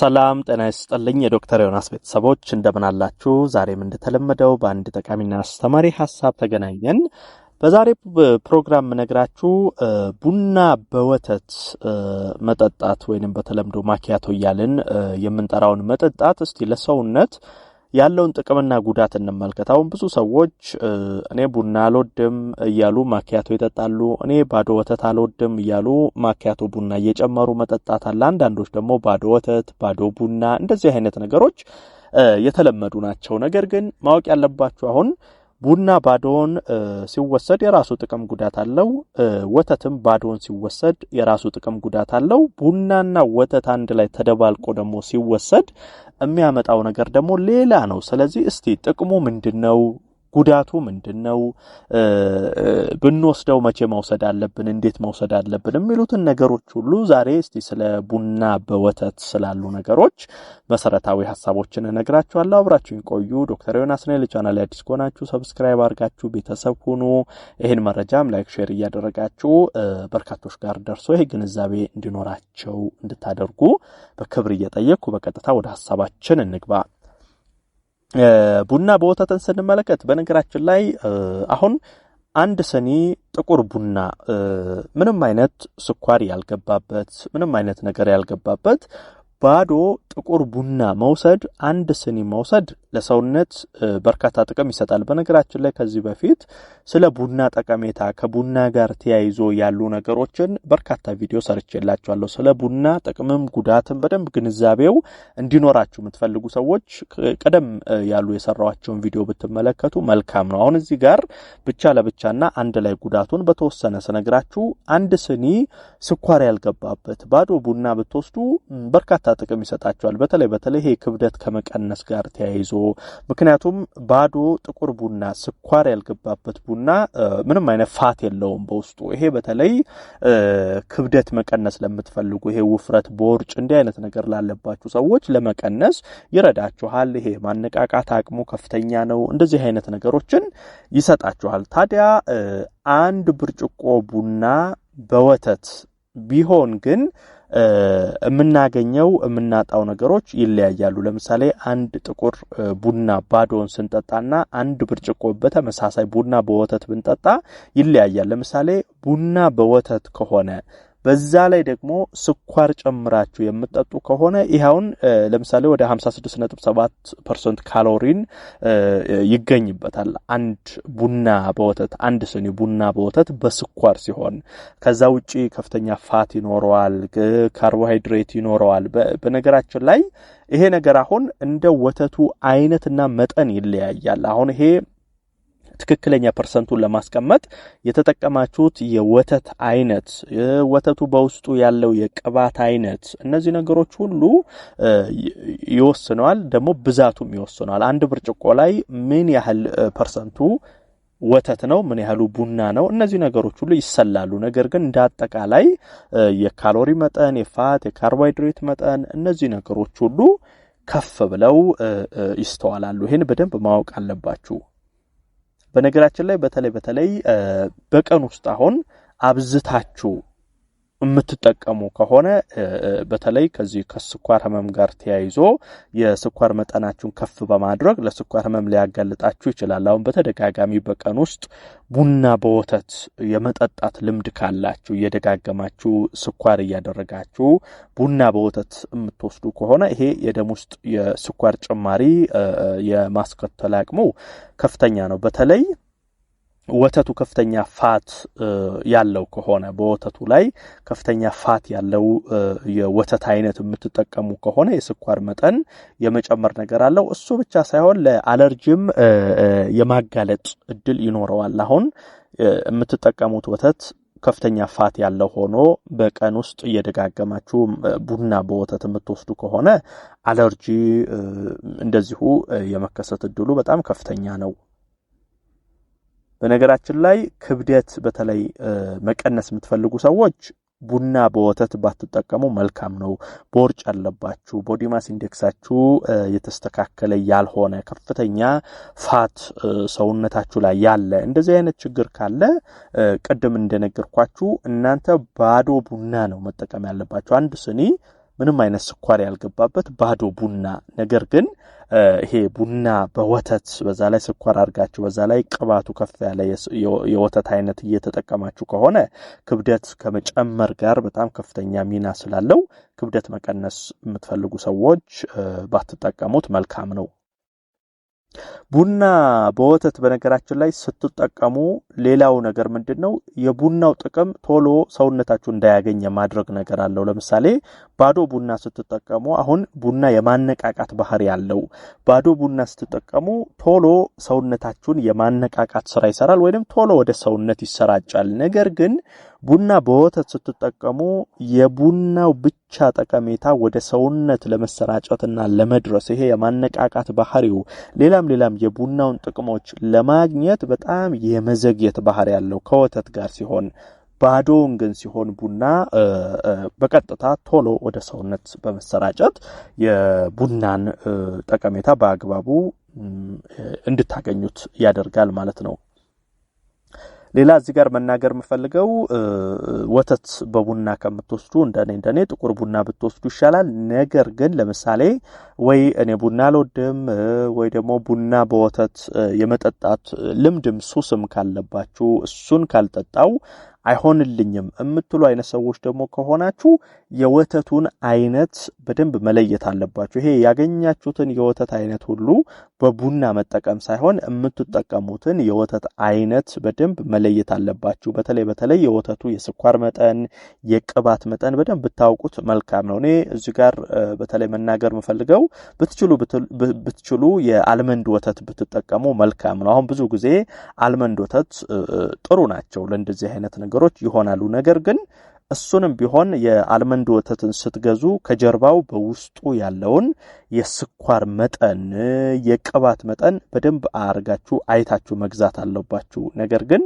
ሰላም ጤና ይስጥልኝ የዶክተር ዮናስ ቤተሰቦች እንደምን አላችሁ? ዛሬም እንደተለመደው በአንድ ጠቃሚና አስተማሪ ሀሳብ ተገናኘን። በዛሬ ፕሮግራም ምነግራችሁ ቡና በወተት መጠጣት ወይንም በተለምዶ ማኪያቶ እያልን የምንጠራውን መጠጣት እስቲ ለሰውነት ያለውን ጥቅምና ጉዳት እንመልከት። አሁን ብዙ ሰዎች እኔ ቡና አልወድም እያሉ ማኪያቶ ይጠጣሉ። እኔ ባዶ ወተት አልወድም እያሉ ማኪያቶ ቡና እየጨመሩ መጠጣት አለ። አንዳንዶች ደግሞ ባዶ ወተት፣ ባዶ ቡና እንደዚህ አይነት ነገሮች የተለመዱ ናቸው። ነገር ግን ማወቅ ያለባችሁ አሁን ቡና ባዶን ሲወሰድ የራሱ ጥቅም ጉዳት አለው። ወተትም ባዶን ሲወሰድ የራሱ ጥቅም ጉዳት አለው። ቡናና ወተት አንድ ላይ ተደባልቆ ደግሞ ሲወሰድ የሚያመጣው ነገር ደግሞ ሌላ ነው። ስለዚህ እስቲ ጥቅሙ ምንድን ነው ጉዳቱ ምንድን ነው? ብንወስደው መቼ መውሰድ አለብን? እንዴት መውሰድ አለብን? የሚሉትን ነገሮች ሁሉ ዛሬ እስቲ ስለ ቡና በወተት ስላሉ ነገሮች መሰረታዊ ሀሳቦችን እነግራችኋለሁ። አብራችሁን ቆዩ። ዶክተር ዮናስ ነኝ። ለቻናል አዲስ ከሆናችሁ ሰብስክራይብ አድርጋችሁ ቤተሰብ ሁኑ። ይህን መረጃም ላይክ፣ ሼር እያደረጋችሁ በርካቶች ጋር ደርሶ ይህ ግንዛቤ እንዲኖራቸው እንድታደርጉ በክብር እየጠየቅኩ በቀጥታ ወደ ሀሳባችን እንግባ። ቡና በወተትን ስንመለከት በነገራችን ላይ አሁን አንድ ስኒ ጥቁር ቡና ምንም አይነት ስኳር ያልገባበት ምንም አይነት ነገር ያልገባበት ባዶ ጥቁር ቡና መውሰድ አንድ ስኒ መውሰድ ለሰውነት በርካታ ጥቅም ይሰጣል። በነገራችን ላይ ከዚህ በፊት ስለ ቡና ጠቀሜታ ከቡና ጋር ተያይዞ ያሉ ነገሮችን በርካታ ቪዲዮ ሰርቼላችኋለሁ። ስለ ቡና ጥቅምም ጉዳትም በደንብ ግንዛቤው እንዲኖራችሁ የምትፈልጉ ሰዎች ቀደም ያሉ የሰራኋቸውን ቪዲዮ ብትመለከቱ መልካም ነው። አሁን እዚህ ጋር ብቻ ለብቻና አንድ ላይ ጉዳቱን በተወሰነ ስነግራችሁ አንድ ስኒ ስኳር ያልገባበት ባዶ ቡና ብትወስዱ በርካታ በርካታ ጥቅም ይሰጣቸዋል። በተለይ በተለይ ይሄ ክብደት ከመቀነስ ጋር ተያይዞ ምክንያቱም ባዶ ጥቁር ቡና ስኳር ያልገባበት ቡና ምንም አይነት ፋት የለውም በውስጡ። ይሄ በተለይ ክብደት መቀነስ ለምትፈልጉ ይሄ ውፍረት፣ ቦርጭ እንዲህ አይነት ነገር ላለባችሁ ሰዎች ለመቀነስ ይረዳችኋል። ይሄ ማነቃቃት አቅሙ ከፍተኛ ነው። እንደዚህ አይነት ነገሮችን ይሰጣችኋል። ታዲያ አንድ ብርጭቆ ቡና በወተት ቢሆን ግን የምናገኘው የምናጣው ነገሮች ይለያያሉ። ለምሳሌ አንድ ጥቁር ቡና ባዶን ስንጠጣና አንድ ብርጭቆ በተመሳሳይ ቡና በወተት ብንጠጣ ይለያያል። ለምሳሌ ቡና በወተት ከሆነ በዛ ላይ ደግሞ ስኳር ጨምራችሁ የምጠጡ ከሆነ ይኸውን ለምሳሌ ወደ 56.7 ፐርሰንት ካሎሪን ይገኝበታል። አንድ ቡና በወተት አንድ ስኒ ቡና በወተት በስኳር ሲሆን ከዛ ውጪ ከፍተኛ ፋት ይኖረዋል፣ ካርቦሃይድሬት ይኖረዋል። በነገራችን ላይ ይሄ ነገር አሁን እንደ ወተቱ አይነትና መጠን ይለያያል። አሁን ይሄ ትክክለኛ ፐርሰንቱን ለማስቀመጥ የተጠቀማችሁት የወተት አይነት፣ ወተቱ በውስጡ ያለው የቅባት አይነት፣ እነዚህ ነገሮች ሁሉ ይወስነዋል። ደግሞ ብዛቱም ይወስነዋል። አንድ ብርጭቆ ላይ ምን ያህል ፐርሰንቱ ወተት ነው፣ ምን ያህሉ ቡና ነው። እነዚህ ነገሮች ሁሉ ይሰላሉ። ነገር ግን እንደ አጠቃላይ የካሎሪ መጠን፣ የፋት የካርቦሃይድሬት መጠን እነዚህ ነገሮች ሁሉ ከፍ ብለው ይስተዋላሉ። ይህን በደንብ ማወቅ አለባችሁ። በነገራችን ላይ በተለይ በተለይ በቀን ውስጥ አሁን አብዝታችሁ የምትጠቀሙ ከሆነ በተለይ ከዚህ ከስኳር ህመም ጋር ተያይዞ የስኳር መጠናችሁን ከፍ በማድረግ ለስኳር ህመም ሊያጋልጣችሁ ይችላል። አሁን በተደጋጋሚ በቀን ውስጥ ቡና በወተት የመጠጣት ልምድ ካላችሁ እየደጋገማችሁ ስኳር እያደረጋችሁ ቡና በወተት የምትወስዱ ከሆነ ይሄ የደም ውስጥ የስኳር ጭማሪ የማስከተል አቅሙ ከፍተኛ ነው። በተለይ ወተቱ ከፍተኛ ፋት ያለው ከሆነ በወተቱ ላይ ከፍተኛ ፋት ያለው የወተት አይነት የምትጠቀሙ ከሆነ የስኳር መጠን የመጨመር ነገር አለው። እሱ ብቻ ሳይሆን ለአለርጂም የማጋለጥ እድል ይኖረዋል። አሁን የምትጠቀሙት ወተት ከፍተኛ ፋት ያለው ሆኖ በቀን ውስጥ እየደጋገማችሁ ቡና በወተት የምትወስዱ ከሆነ አለርጂ እንደዚሁ የመከሰት እድሉ በጣም ከፍተኛ ነው በነገራችን ላይ ክብደት በተለይ መቀነስ የምትፈልጉ ሰዎች ቡና በወተት ባትጠቀሙ መልካም ነው። ቦርጭ ያለባችሁ ቦዲማስ ኢንዴክሳችሁ የተስተካከለ ያልሆነ ከፍተኛ ፋት ሰውነታችሁ ላይ ያለ እንደዚህ አይነት ችግር ካለ ቅድም እንደነገርኳችሁ እናንተ ባዶ ቡና ነው መጠቀም ያለባችሁ። አንድ ስኒ ምንም አይነት ስኳር ያልገባበት ባዶ ቡና። ነገር ግን ይሄ ቡና በወተት በዛ ላይ ስኳር አድርጋችሁ በዛ ላይ ቅባቱ ከፍ ያለ የወተት አይነት እየተጠቀማችሁ ከሆነ ክብደት ከመጨመር ጋር በጣም ከፍተኛ ሚና ስላለው ክብደት መቀነስ የምትፈልጉ ሰዎች ባትጠቀሙት መልካም ነው። ቡና በወተት በነገራችን ላይ ስትጠቀሙ ሌላው ነገር ምንድን ነው? የቡናው ጥቅም ቶሎ ሰውነታችሁ እንዳያገኝ የማድረግ ነገር አለው። ለምሳሌ ባዶ ቡና ስትጠቀሙ አሁን ቡና የማነቃቃት ባህሪ ያለው ባዶ ቡና ስትጠቀሙ ቶሎ ሰውነታችሁን የማነቃቃት ስራ ይሰራል፣ ወይም ቶሎ ወደ ሰውነት ይሰራጫል። ነገር ግን ቡና በወተት ስትጠቀሙ የቡናው ብቻ ጠቀሜታ ወደ ሰውነት ለመሰራጨትና ለመድረስ ይሄ የማነቃቃት ባህሪው ሌላም ሌላም የቡናውን ጥቅሞች ለማግኘት በጣም የመዘግየት ባህሪ ያለው ከወተት ጋር ሲሆን ባዶውን ግን ሲሆን ቡና በቀጥታ ቶሎ ወደ ሰውነት በመሰራጨት የቡናን ጠቀሜታ በአግባቡ እንድታገኙት ያደርጋል ማለት ነው። ሌላ እዚህ ጋር መናገር የምፈልገው ወተት በቡና ከምትወስዱ እንደኔ እንደኔ ጥቁር ቡና ብትወስዱ ይሻላል። ነገር ግን ለምሳሌ ወይ እኔ ቡና አልወድም ወይ ደግሞ ቡና በወተት የመጠጣት ልምድም ሱስም ካለባችሁ እሱን ካልጠጣው አይሆንልኝም የምትሉ አይነት ሰዎች ደግሞ ከሆናችሁ የወተቱን አይነት በደንብ መለየት አለባችሁ። ይሄ ያገኛችሁትን የወተት አይነት ሁሉ በቡና መጠቀም ሳይሆን የምትጠቀሙትን የወተት አይነት በደንብ መለየት አለባችሁ። በተለይ በተለይ የወተቱ የስኳር መጠን፣ የቅባት መጠን በደንብ ብታውቁት መልካም ነው። እኔ እዚህ ጋር በተለይ መናገር የምፈልገው ብትችሉ ብትችሉ የአልመንድ ወተት ብትጠቀሙ መልካም ነው። አሁን ብዙ ጊዜ አልመንድ ወተት ጥሩ ናቸው ለእንደዚህ አይነት ነገር ነገሮች ይሆናሉ። ነገር ግን እሱንም ቢሆን የአልመንድ ወተትን ስትገዙ ከጀርባው በውስጡ ያለውን የስኳር መጠን፣ የቅባት መጠን በደንብ አርጋችሁ አይታችሁ መግዛት አለባችሁ። ነገር ግን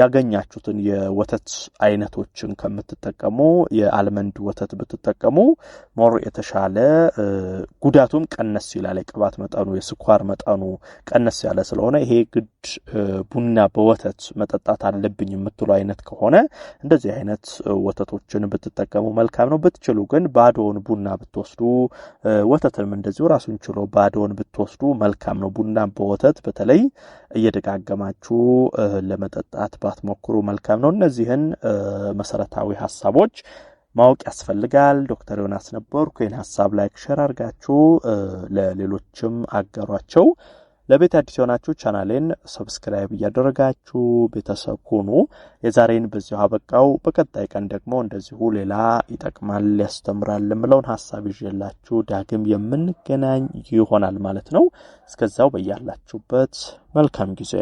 ያገኛችሁትን የወተት አይነቶችን ከምትጠቀሙ የአልመንድ ወተት ብትጠቀሙ ሞር የተሻለ ጉዳቱም ቀነስ ይላል። የቅባት መጠኑ የስኳር መጠኑ ቀነስ ያለ ስለሆነ ይሄ ግድ ቡና በወተት መጠጣት አለብኝ የምትሉ አይነት ከሆነ እንደዚህ አይነት ወተቶችን ብትጠቀሙ መልካም ነው። ብትችሉ ግን ባዶውን ቡና ብትወስዱ፣ ወተትም እንደዚሁ ራሱን ችሎ ባዶውን ብትወስዱ መልካም ነው። ቡና በወተት በተለይ እየደጋገማችሁ ለመጠጣት ባትሞክሩ መልካም ነው። እነዚህን መሰረታዊ ሀሳቦች ማወቅ ያስፈልጋል። ዶክተር ዮናስ ነበርኩ። ይህን ሀሳብ ላይክ ሸር አድርጋችሁ ለሌሎችም አጋሯቸው። ለቤት አዲስ የሆናችሁ ቻናሌን ሰብስክራይብ እያደረጋችሁ ቤተሰብ ሁኑ። የዛሬን በዚሁ አበቃው። በቀጣይ ቀን ደግሞ እንደዚሁ ሌላ ይጠቅማል፣ ያስተምራል የምለውን ሀሳብ ይዤላችሁ ዳግም የምንገናኝ ይሆናል ማለት ነው። እስከዛው በያላችሁበት መልካም ጊዜ